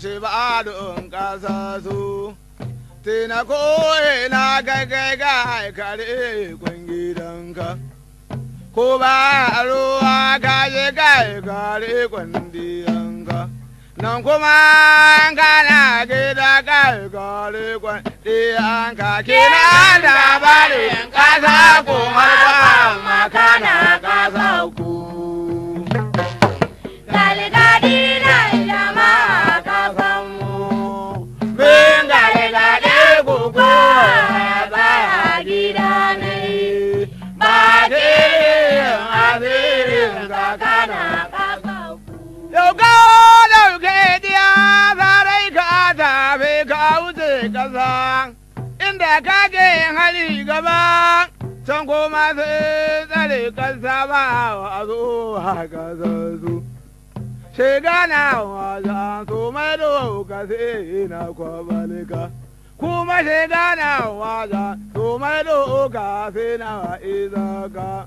shi ba don ƙasa su tina ko na gaggai ga kare gidanka ko ba a ruwa ka je ga kare kwandiyanka nan kuma kana gida ga kare kwandiyanka kina bari ƙasa kuma ba makana Dauka ka wuce ƙasa, inda ka ke hali gaba, can kuma sai tsare ƙasa ba a a su. Shiga na wajen su mai doka sai na Kuma shiga na wajen su mai doka sai na izaka.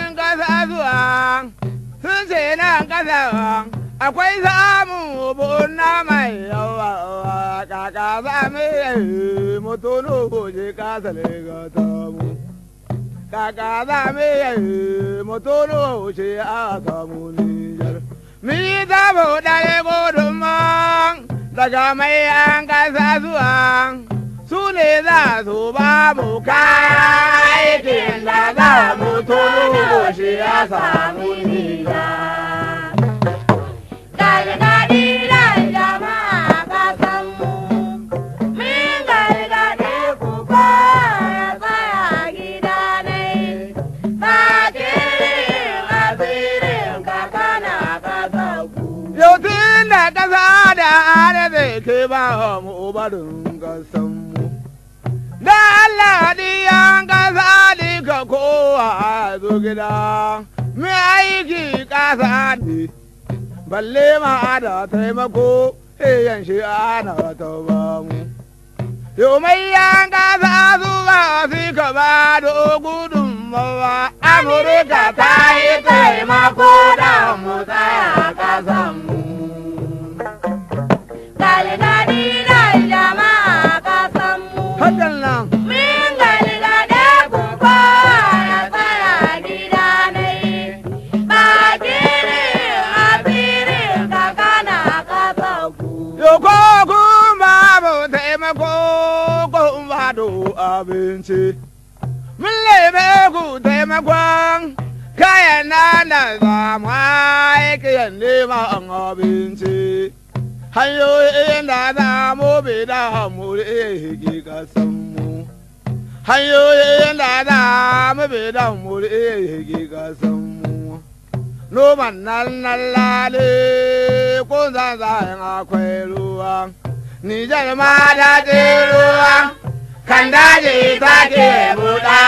sai nan kasa akwai samun bu'un na mai yawa kaka za mu yi mutuno goje kasa lega ta mu kaka za mu yi mutuno goje a ta mu nijar mi za mu dare gudunman daga mai an kasa zuwa su ne za su ba mu kayan aikin da za mu tuno goje a samu nijar ke ba mu barin kasan mu. Da Allah diyan kasa di ka kowa zo gida, mi aiki ka sadi balle ma da taimako, eyan shi ana ta ba mu. mai yan kasa zuwa su ka ba da gudunmawa, Amurka ta yi taimako da mu tsaya kasan mu. abinci mun lebe ku taimakon kayan na da zama aikiyan neman abinci hanyoyin da za mu bi da hamuri higi kasanmu hanyoyin da za mu bi da hamuri higi kasanmu noman nan nan lale ko zan zayen akwai ruwa nijar ma da ruwa kan daji take buɗa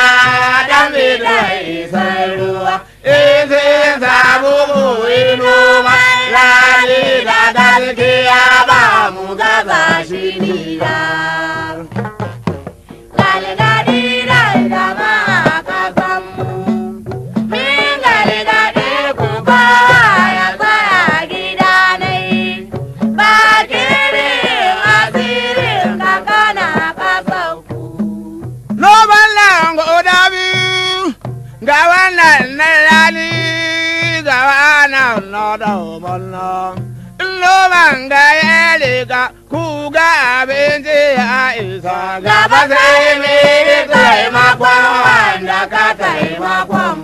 dan bida isar ruwa isi eh, samu mu yi noma rani da dalke ba mu gaza shi na rani gawa na nodo bonno lo manga yele ga kuga benje a isa gaba sai me kai makwan da ka kai makwan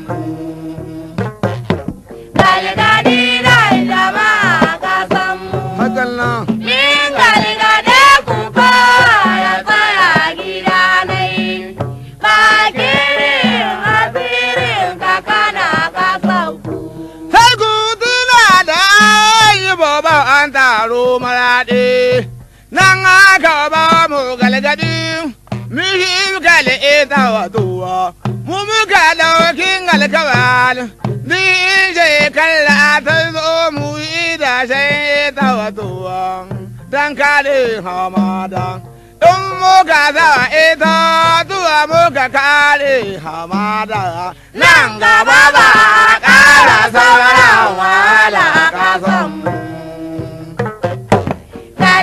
yaro maraɗe nan aka ba mu galgadi mihi gale ita wa. mu muka daukin alkawal din je kalla ta zo mu ida sai ita waduwa dan kare hamada in muka zawa ita zuwa muka kare hamada nan gaba ba kara sauran wala kasan mu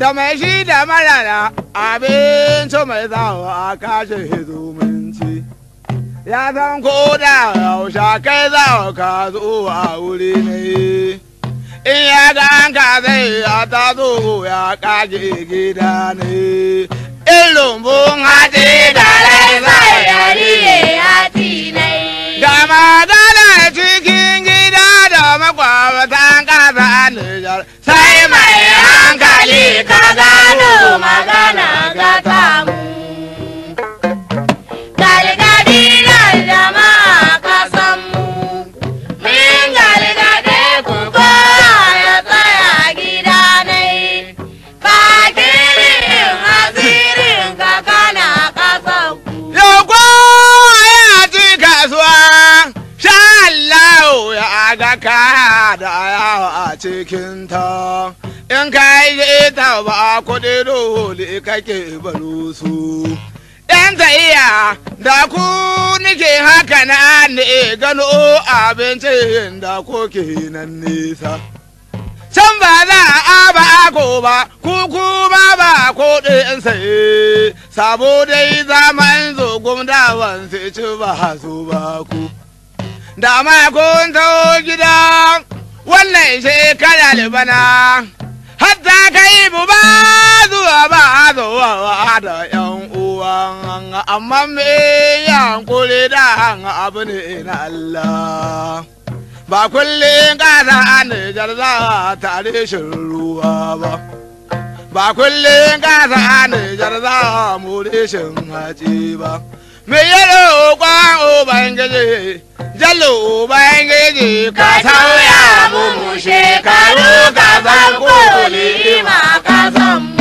da mai shi da marara abinci mai zawo a kashe zumunci ya san ko da yaushe kai zawo ka zuwa a wuri ne in ya ga an ka zai ya ta zuwa ya kage gida ne in lumbun hati da rai zai yari ya hati ne gama da cikin gida da makwabtan kasa ne sai in ka yi ta ba kuɗi dole kake baro su. ‘Yan ta da ku nike haka na ne gano abincin da ke nan nisa. Can ba za a ba ko ba, ku kuma ba kuɗin saye, sabo dai zaman zogon dawan sai ci ba su ba ku. Da ma kun gida. wannan shekara libana hatta kai mu ba zuwa ba zuwa da yan uwan amma me yankuri da abu ne na Allah ba kullum ƙasa a Nijar za ta reshin ruwa ba ba kullum ƙasa a Nijar za mu reshin haci ba me yalo kwan ubangiji jalo ubangiji ka ya mu mu shekaru ka san ma ka